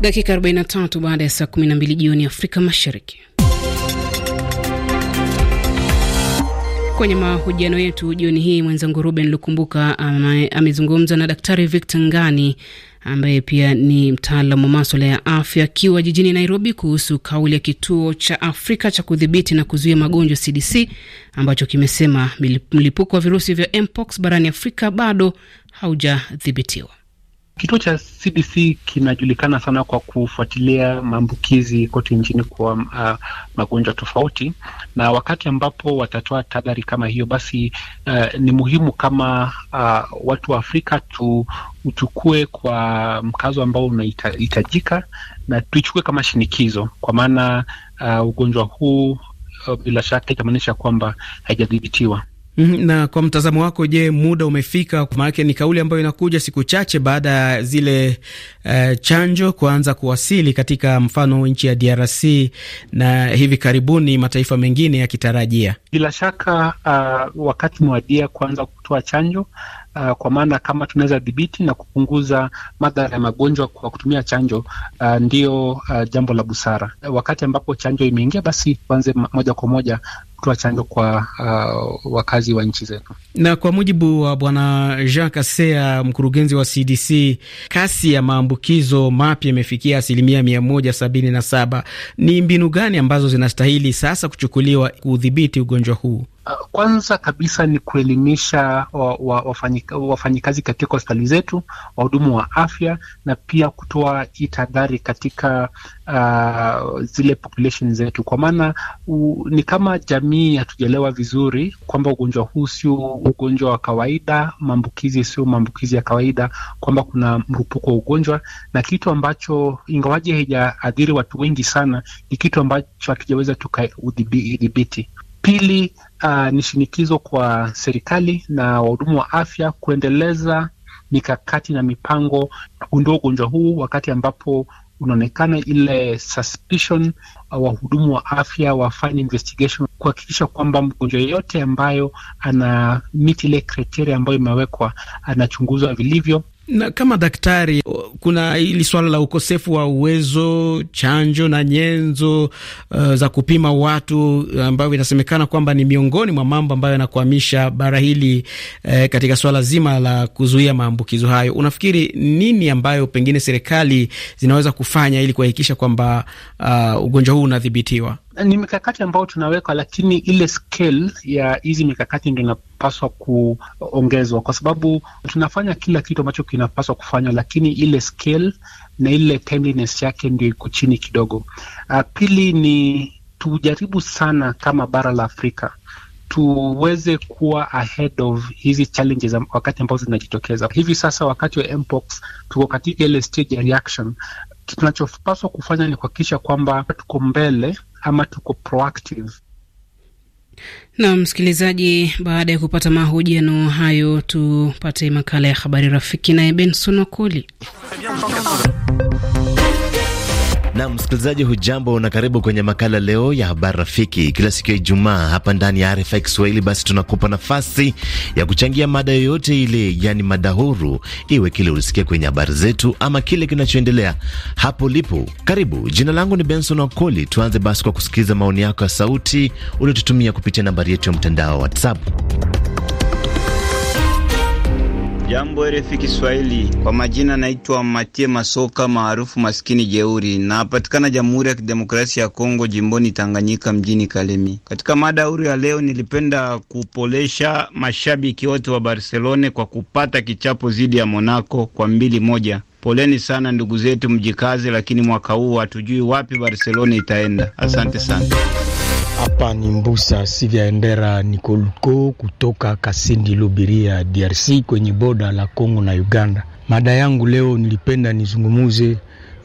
Dakika 43 baada ya saa 12 jioni Afrika Mashariki. Kwenye mahojiano yetu jioni hii mwenzangu Ruben Lukumbuka amezungumza na Daktari Victor Ngani ambaye pia ni mtaalam wa maswala ya afya akiwa jijini Nairobi kuhusu kauli ya kituo cha Afrika cha kudhibiti na kuzuia magonjwa CDC ambacho kimesema mlipuko wa virusi vya mpox barani Afrika bado haujadhibitiwa. Kituo cha CDC kinajulikana sana kwa kufuatilia maambukizi kote nchini kwa uh, magonjwa tofauti, na wakati ambapo watatoa tahadhari kama hiyo, basi uh, ni muhimu kama uh, watu wa Afrika tuuchukue kwa mkazo ambao unahitajika na tuichukue kama shinikizo, kwa maana uh, ugonjwa huu uh, bila shaka itamaanisha kwamba haijadhibitiwa. Mhm, na kwa mtazamo wako, je, muda umefika? Maanake ni kauli ambayo inakuja siku chache baada ya zile uh, chanjo kuanza kuwasili katika mfano nchi ya DRC na hivi karibuni mataifa mengine yakitarajia. Bila shaka uh, wakati mwadia kuanza kutoa chanjo uh, kwa maana kama tunaweza dhibiti na kupunguza madhara ya magonjwa kwa kutumia chanjo uh, ndio uh, jambo la busara. Wakati ambapo chanjo imeingia, basi tuanze moja kwa moja kutoa chanjo kwa uh, wakazi wa nchi zetu. Na kwa mujibu wa Bwana Jean Kasea, mkurugenzi wa CDC, kasi ya maambukizo mapya imefikia asilimia mia moja sabini na saba. Ni mbinu gani ambazo zinastahili sasa kuchukuliwa kudhibiti ugonjwa huu? Kwanza kabisa ni kuelimisha wafanyikazi wa, wa wa katika hospitali zetu, wahudumu wa afya, na pia kutoa hii tahadhari katika uh, zile population zetu, kwa maana ni kama jamii hatujaelewa vizuri kwamba ugonjwa huu sio ugonjwa wa kawaida, maambukizi sio maambukizi ya kawaida, kwamba kuna mrupuko wa ugonjwa, na kitu ambacho ingawaje haijaadhiri watu wengi sana, ni kitu ambacho hatujaweza tukaudhibiti. Pili, uh, ni shinikizo kwa serikali na wahudumu wa afya kuendeleza mikakati na mipango kugundua ugonjwa huu wakati ambapo unaonekana ile suspicion. Uh, wahudumu wa afya wafanye investigation kuhakikisha kwamba mgonjwa yeyote ambayo ana miti ile kriteria ambayo imewekwa anachunguzwa vilivyo. Na kama daktari, kuna hili swala la ukosefu wa uwezo, chanjo na nyenzo uh, za kupima watu ambayo inasemekana kwamba ni miongoni mwa mambo ambayo yanakwamisha bara hili eh, katika swala zima la kuzuia maambukizo hayo. Unafikiri nini ambayo pengine serikali zinaweza kufanya ili kuhakikisha kwamba uh, ugonjwa huu unadhibitiwa? ni mikakati ambayo tunaweka, lakini ile scale ya hizi mikakati ndio inapaswa kuongezwa, kwa sababu tunafanya kila kitu ambacho kinapaswa kufanywa, lakini ile scale na ile timeliness yake ndio iko chini kidogo. Uh, pili ni tujaribu sana kama bara la Afrika tuweze kuwa ahead of hizi challenges wakati ambazo zinajitokeza hivi sasa. Wakati wa mpox tuko katika ile stage ya reaction. Tunachopaswa kufanya ni kuhakikisha kwamba tuko mbele ama tuko proactive. Na msikilizaji, baada ya kupata mahojiano hayo, tupate makala ya habari rafiki naye Benson Wakoli. Na msikilizaji, hujambo na karibu kwenye makala leo ya habari rafiki, kila siku ya Ijumaa hapa ndani ya RFI Kiswahili. Basi tunakupa nafasi ya kuchangia mada yoyote ile, yani mada huru, iwe kile ulisikia kwenye habari zetu ama kile kinachoendelea hapo ulipo. Karibu, jina langu ni Benson Wakoli. Tuanze basi kwa kusikiliza maoni yako ya sauti uliotutumia kupitia nambari yetu ya mtandao wa WhatsApp. Jambo RFI Kiswahili, kwa majina naitwa Matie Masoka maarufu maskini jeuri, napatikana Jamhuri ya Kidemokrasia ya Kongo, jimboni Tanganyika, mjini Kalemi. Katika mada huru ya leo, nilipenda kupolesha mashabiki wote wa Barcelona kwa kupata kichapo dhidi ya Monaco kwa mbili moja. Poleni sana ndugu zetu, mjikaze, lakini mwaka huu hatujui wapi Barcelona itaenda. Asante sana. Hapa ni Mbusa Sivya Endera Nikoluko kutoka Kasindi Lubiria, DRC, kwenye boda la Kongo na Uganda. Mada yangu leo nilipenda nizungumuze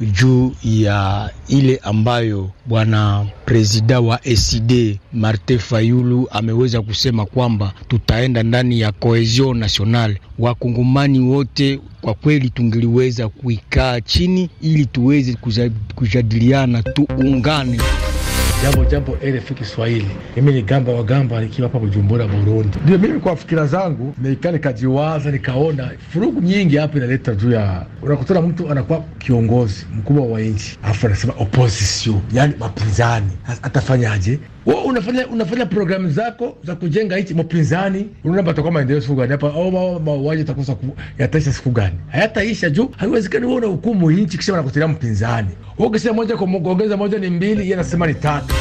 juu ya ile ambayo bwana presida wa sid Martin Fayulu ameweza kusema kwamba tutaenda ndani ya cohesion nationale. Wakongomani wote kwa kweli tungeliweza kuikaa chini ili tuweze kujadiliana, tuungane. Jambo jambo RFI Kiswahili, mimi ni Gamba wa Gamba nikiwa hapa Bujumbura, Burundi. Ndio mimi kwa fikira zangu nikaa nikajiwaza, nikaona furugu nyingi hapa inaleta juu ya, unakutana mtu anakuwa kiongozi mkubwa wa nchi afu anasema opposition, yani mapinzani, atafanyaje? wao unafanya unafanya programu zako za kujenga hichi mpinzani, unaona atakuwa maendeleo siku gani hapa au mauaji takosa yataisha siku gani? Hayataisha juu haiwezekani wewe unahukumu nchi kisha unakutilia mpinzani. Wewe ukisema moja kwa moja ongeza moja ni mbili, yeye anasema ni tatu.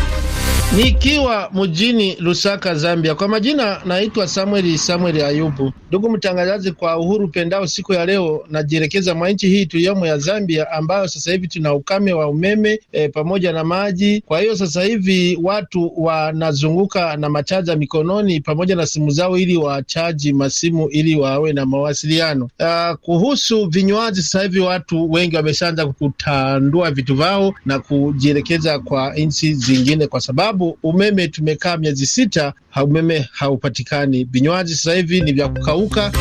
Nikiwa mjini Lusaka, Zambia. Kwa majina naitwa samweli samweli Ayubu. Ndugu mtangazaji, kwa uhuru pendao, siku ya leo najielekeza mwa nchi hii tuliyomo ya Zambia, ambayo sasa hivi tuna ukame wa umeme e, pamoja na maji. Kwa hiyo sasa hivi watu wanazunguka na machaja mikononi pamoja na simu zao, ili wachaji masimu ili wawe na mawasiliano. Uh, kuhusu vinywaji, sasa hivi watu wengi wameshaanza kutandua vitu vao na kujielekeza kwa nchi zingine kwa sababu sababu umeme tumekaa miezi sita, umeme haupatikani. Vinywaji sasa hivi ni vya kukauka.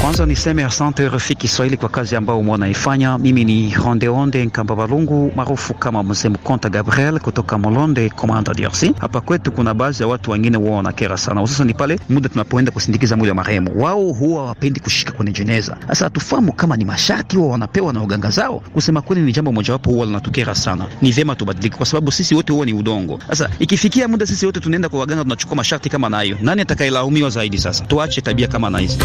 Kwanza niseme asante rafiki Kiswahili kwa kazi ambayo mwanaifanya. Mimi ni Rondeonde Nkamba Balungu maarufu kama Mzee Mkonta Gabriel kutoka Molonde Komanda, DRC. Hapa kwetu kuna baadhi ya watu wengine wao wanakera sana, hususan pale muda tunapoenda kusindikiza mwili wa marehemu. Wao huwa wapendi kushika kwenye jeneza. Sasa hatufahamu kama ni masharti huwa wanapewa na uganga zao. Kusema kweli, ni jambo mojawapo huwa linatukera sana. Ni vyema tubadilike, kwa sababu sisi wote huwa ni udongo. Sasa ikifikia muda sisi wote tunaenda kwa waganga, tunachukua masharti kama nayo, nani atakayelaumiwa zaidi? Sasa tuache tabia kama na hizi.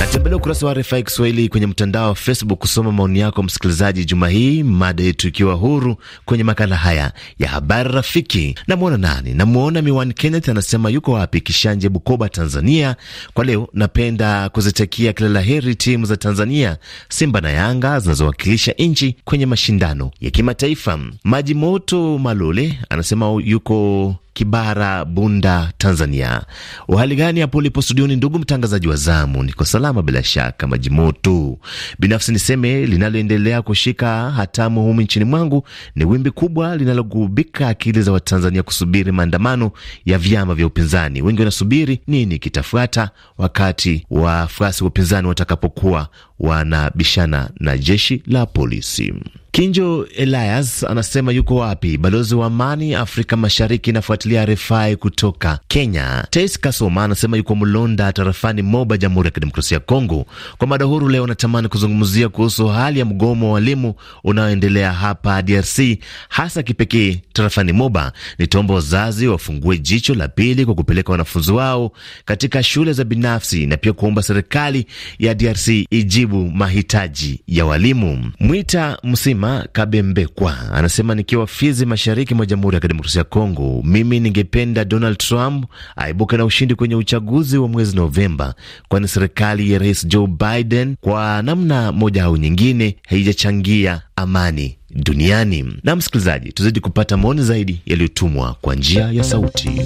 Natembelea ukurasa wa RFI Kiswahili kwenye mtandao wa Facebook kusoma maoni yako msikilizaji. Juma hii mada yetu ikiwa huru kwenye makala haya ya habari rafiki. Namwona nani? Namwona Miwani Kenneth, anasema yuko wapi? Kishanje, Bukoba, Tanzania. Kwa leo napenda kuzitakia kila la heri timu za Tanzania, Simba na Yanga zinazowakilisha nchi kwenye mashindano ya kimataifa. Maji Moto Malole anasema yuko Kibara, Bunda, Tanzania. Uhali gani hapo ulipo studioni, ndugu mtangazaji wa zamu? Niko salama bila shaka, maji moto. Binafsi niseme linaloendelea kushika hatamu humu nchini mwangu ni wimbi kubwa linalogubika akili za Watanzania kusubiri maandamano ya vyama vya upinzani. Wengi wanasubiri nini kitafuata wakati wafuasi wa upinzani watakapokuwa wanabishana na jeshi la polisi. Kinjo Elias anasema yuko wapi balozi wa amani Afrika Mashariki, inafuatilia refai kutoka Kenya. Tais Kasoma anasema yuko Mlonda tarafani Moba, Jamhuri ya Kidemokrasia ya Kongo. Kwa mada huru leo, anatamani kuzungumzia kuhusu hali ya mgomo wa walimu unaoendelea hapa DRC, hasa kipekee tarafani Moba. Nitaomba wazazi wafungue jicho la pili kwa kupeleka wanafunzi wao katika shule za binafsi na pia kuomba serikali ya DRC ijibu mahitaji ya walimu. Mwita Msima Mama Kabembekwa anasema nikiwa Fizi, mashariki mwa Jamhuri ya Kidemokrasia ya Kongo, mimi ningependa Donald Trump aibuke na ushindi kwenye uchaguzi wa mwezi Novemba, kwani serikali ya Rais Joe Biden kwa namna moja au nyingine haijachangia amani duniani. Na msikilizaji, tuzidi kupata maoni zaidi yaliyotumwa kwa njia ya sauti.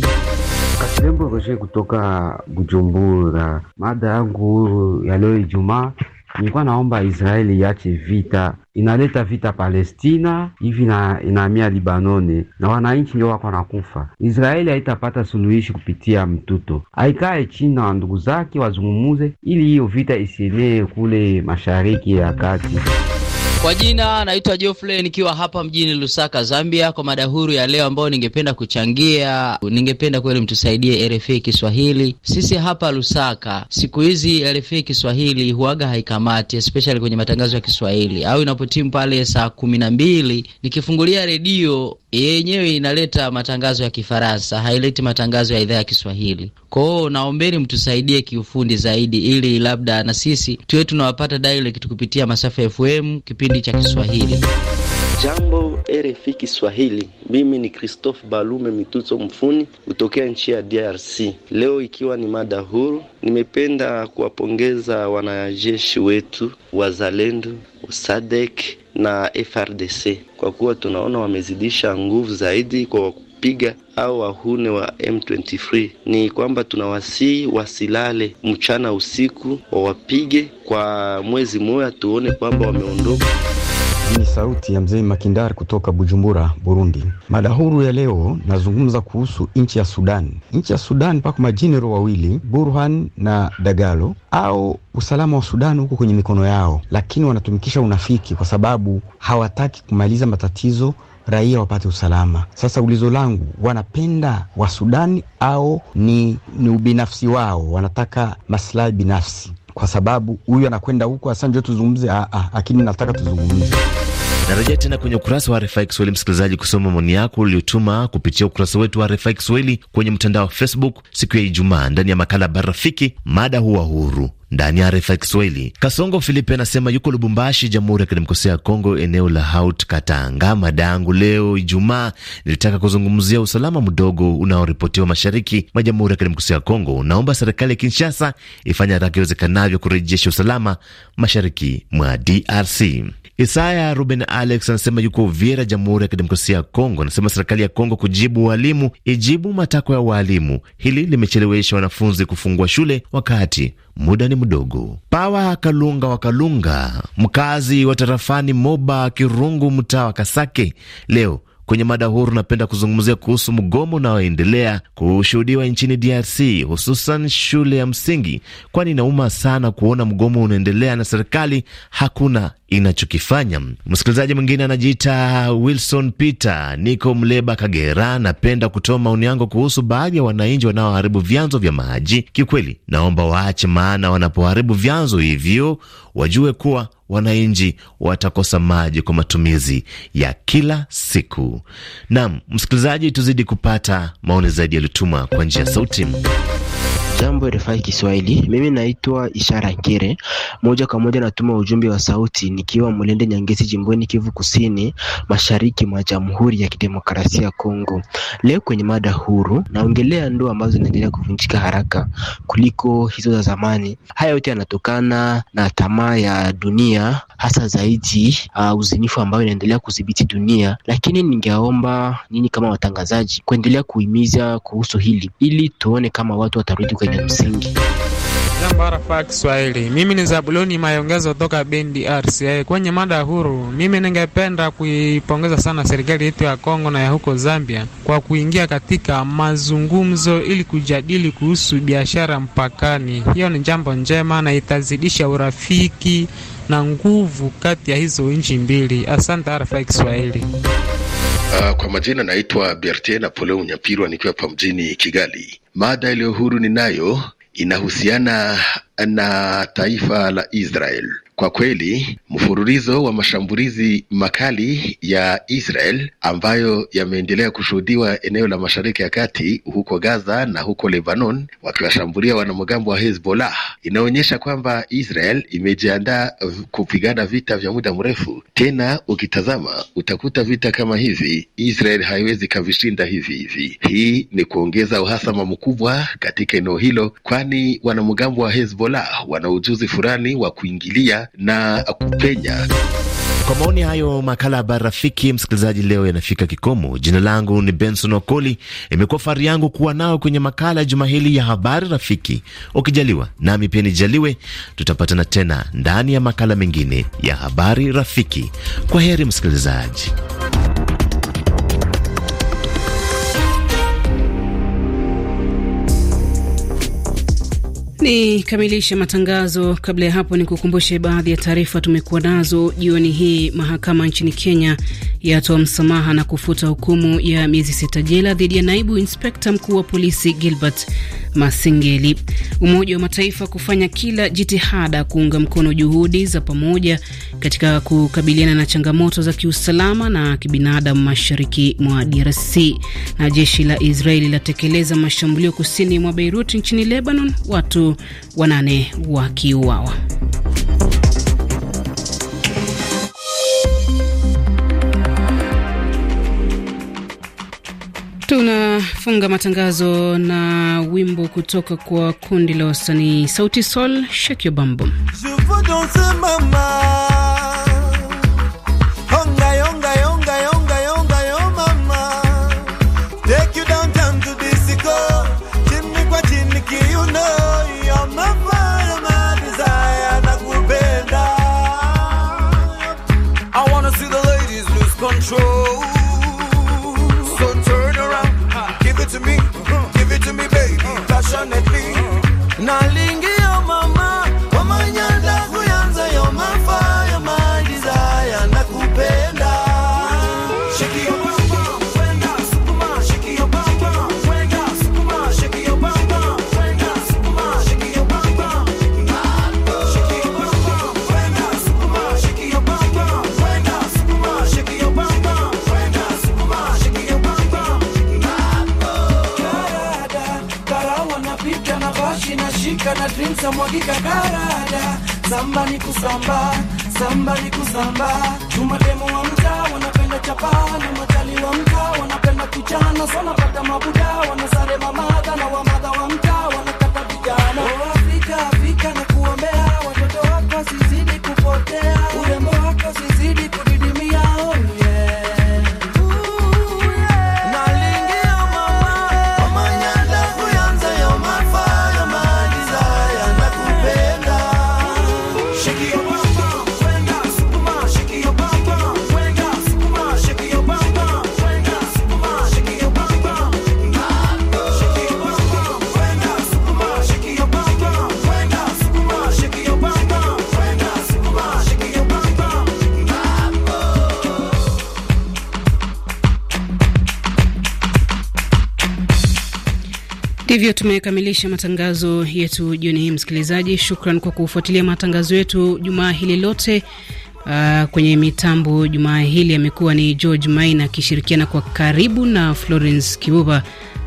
Kalembo Roje kutoka Bujumbura. Mada yangu ya leo Ijumaa Nilikuwa naomba Israeli iache vita, inaleta vita Palestina hivi na inahamia Libanoni na wananchi ndio wako nakufa. Israeli haitapata suluhishi kupitia mtuto, aikae chini na ndugu zake wazungumuze, ili hiyo vita isienee kule mashariki ya kati. Kwa jina naitwa Geoffrey nikiwa hapa mjini Lusaka, Zambia. Kwa mada huru ya leo ambayo ningependa kuchangia, ningependa kweli mtusaidie RFA Kiswahili. Sisi hapa Lusaka siku hizi RFA Kiswahili huaga haikamati, especially kwenye matangazo ya Kiswahili au inapotimu pale saa kumi na mbili nikifungulia redio yenyewe inaleta matangazo ya Kifaransa, haileti matangazo ya idhaa ya Kiswahili kwao. naombeni mtusaidie kiufundi zaidi, ili labda na sisi tuwe tunawapata direct kupitia masafa FM kipindi cha Kiswahili. Jambo RFI Kiswahili, mimi ni Christophe Balume mituto Mfuni kutokea nchi ya DRC. Leo ikiwa ni mada huru, nimependa kuwapongeza wanajeshi wetu wazalendo SADC na FRDC kwa kuwa tunaona wamezidisha nguvu zaidi kwa wanapiga au wahune wa M23 ni kwamba tunawasihi wasilale mchana usiku, wawapige kwa mwezi mmoja, tuone kwamba wameondoka. Ni sauti ya mzee Makindari kutoka Bujumbura, Burundi. Mada huru ya leo nazungumza kuhusu nchi ya Sudan. Nchi ya Sudan pako majinero wawili, Burhan na Dagalo, au usalama wa Sudan huko kwenye mikono yao, lakini wanatumikisha unafiki kwa sababu hawataki kumaliza matatizo raia wapate usalama. Sasa ulizo langu, wanapenda wa Sudani au ni, ni ubinafsi wao, wanataka maslahi binafsi, kwa sababu huyu anakwenda huko. asa njo tuzungumze, ah, ah, lakini nataka tuzungumze Narejea tena kwenye ukurasa wa RFI Kiswahili, msikilizaji, kusoma maoni yako uliotuma kupitia ukurasa wetu wa RFI Kiswahili kwenye mtandao wa Facebook siku ya Ijumaa ndani ya makala Barafiki, mada huwa huru ndani ya RFI Kiswahili. Kasongo Filipe anasema yuko Lubumbashi, Jamhuri ya Kidemokrasia ya Kongo, eneo la Haut Katanga. Mada yangu leo Ijumaa nilitaka kuzungumzia usalama mdogo unaoripotiwa mashariki mwa Jamhuri ya Kidemokrasia ya Kongo. Naomba serikali ya Kinshasa ifanye haraka iwezekanavyo kurejesha usalama mashariki mwa DRC. Isaya Ruben Alex anasema yuko Uvira, Jamhuri ya Kidemokrasia ya Kongo. Anasema serikali ya Kongo kujibu walimu, ijibu matakwa ya walimu. Hili limechelewesha wanafunzi kufungua shule wakati muda ni mdogo. Pawa Kalunga wa Kalunga, mkazi wa tarafani Moba Kirungu, mtaa wa Kasake, leo kwenye mada huru napenda kuzungumzia kuhusu mgomo unaoendelea kushuhudiwa nchini DRC hususan shule ya msingi, kwani inauma sana kuona mgomo unaendelea na serikali hakuna inachokifanya. Msikilizaji mwingine anajiita Wilson Peter, niko Mleba, Kagera. Napenda kutoa maoni yangu kuhusu baadhi ya wananchi wanaoharibu vyanzo vya maji. kikweli naomba waache, maana wanapoharibu vyanzo hivyo wajue kuwa wananchi watakosa maji kwa matumizi ya kila siku. Naam msikilizaji, tuzidi kupata maoni zaidi yaliyotumwa kwa njia ya sauti. Jambo RFI Kiswahili, mimi naitwa Ishara Nkire. Moja kwa moja natuma ujumbe wa sauti nikiwa Mulende Nyangezi, jimboni Kivu Kusini, mashariki mwa Jamhuri ya Kidemokrasia ya Kongo. Leo kwenye mada huru naongelea ndoa ambazo zinaendelea kuvunjika haraka kuliko hizo za zamani. Haya yote yanatokana na tamaa ya dunia hasa zaidi uh, uzinifu ambayo inaendelea kudhibiti dunia, lakini ningeomba nini kama watangazaji kuendelea kuhimiza kuhusu hili ili tuone kama watu watarudi kwenye msingi. Jambo Kiswahili, mimi ni Zabuloni Mayongezo toka bendi RC Kwenye mada huru, mimi ningependa kuipongeza sana serikali yetu ya Kongo na ya huko Zambia kwa kuingia katika mazungumzo ili kujadili kuhusu biashara mpakani. Hiyo ni jambo njema na itazidisha urafiki na nguvu kati ya hizo nchi mbili. Asante RFI Kiswahili. Uh, kwa majina naitwa Bertie Napoleon Nyapirwa nikiwa hapa mjini Kigali. Mada iliyo huru ninayo inahusiana na taifa la Israel. Kwa kweli mfululizo wa mashambulizi makali ya Israel ambayo yameendelea kushuhudiwa eneo la Mashariki ya Kati, huko Gaza na huko Lebanon, wakiwashambulia wanamgambo wa Hezbollah, inaonyesha kwamba Israel imejiandaa kupigana vita vya muda mrefu. Tena ukitazama utakuta vita kama hivi Israel haiwezi kavishinda hivi hivi. Hii ni kuongeza uhasama mkubwa katika eneo hilo, kwani wanamgambo wa Hezbollah wana ujuzi fulani wa kuingilia na kupenya Kwa maoni hayo, makala ya Habari Rafiki msikilizaji leo yanafika kikomo. Jina langu ni Benson Okoli. Imekuwa fahari yangu kuwa nao kwenye makala ya juma hili ya Habari Rafiki. Ukijaliwa nami pia nijaliwe, tutapatana tena ndani ya makala mengine ya Habari Rafiki. Kwa heri msikilizaji. ni kamilishe matangazo. Kabla ya hapo, ni kukumbushe baadhi ya taarifa tumekuwa nazo jioni hii. Mahakama nchini Kenya yatoa msamaha na kufuta hukumu ya miezi sita jela dhidi ya naibu inspekta mkuu wa polisi Gilbert Masengeli. Umoja wa Mataifa kufanya kila jitihada kuunga mkono juhudi za pamoja katika kukabiliana na changamoto za kiusalama na kibinadamu mashariki mwa DRC. Na jeshi la Israeli latekeleza mashambulio kusini mwa Beirut nchini Lebanon, watu wanane wakiuawa. Tunafunga matangazo na wimbo kutoka kwa kundi la wasanii Sauti Sol, Shake Your Bambo. kupika karada, samba ni kusamba, samba ni kusamba. Chumademu wa mtaa wanapenda chapa na matali wa mtaa wanapenda kuchana, so pata mabuda Ndivyo tumekamilisha matangazo yetu jioni hii, msikilizaji. Shukran kwa kufuatilia matangazo yetu jumaa hili lote. Uh, kwenye mitambo jumaa hili amekuwa ni George Maina akishirikiana kwa karibu na Florence Kibuba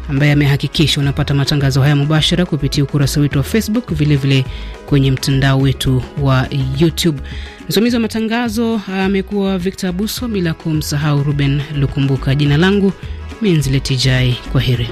ambaye amehakikisha unapata matangazo haya mubashara kupitia ukurasa wetu wa Facebook, vilevile vile kwenye mtandao wetu wa YouTube. Msimamizi wa matangazo amekuwa Victor Abuso, bila kumsahau Ruben Lukumbuka. Jina langu Tijai, kwa heri.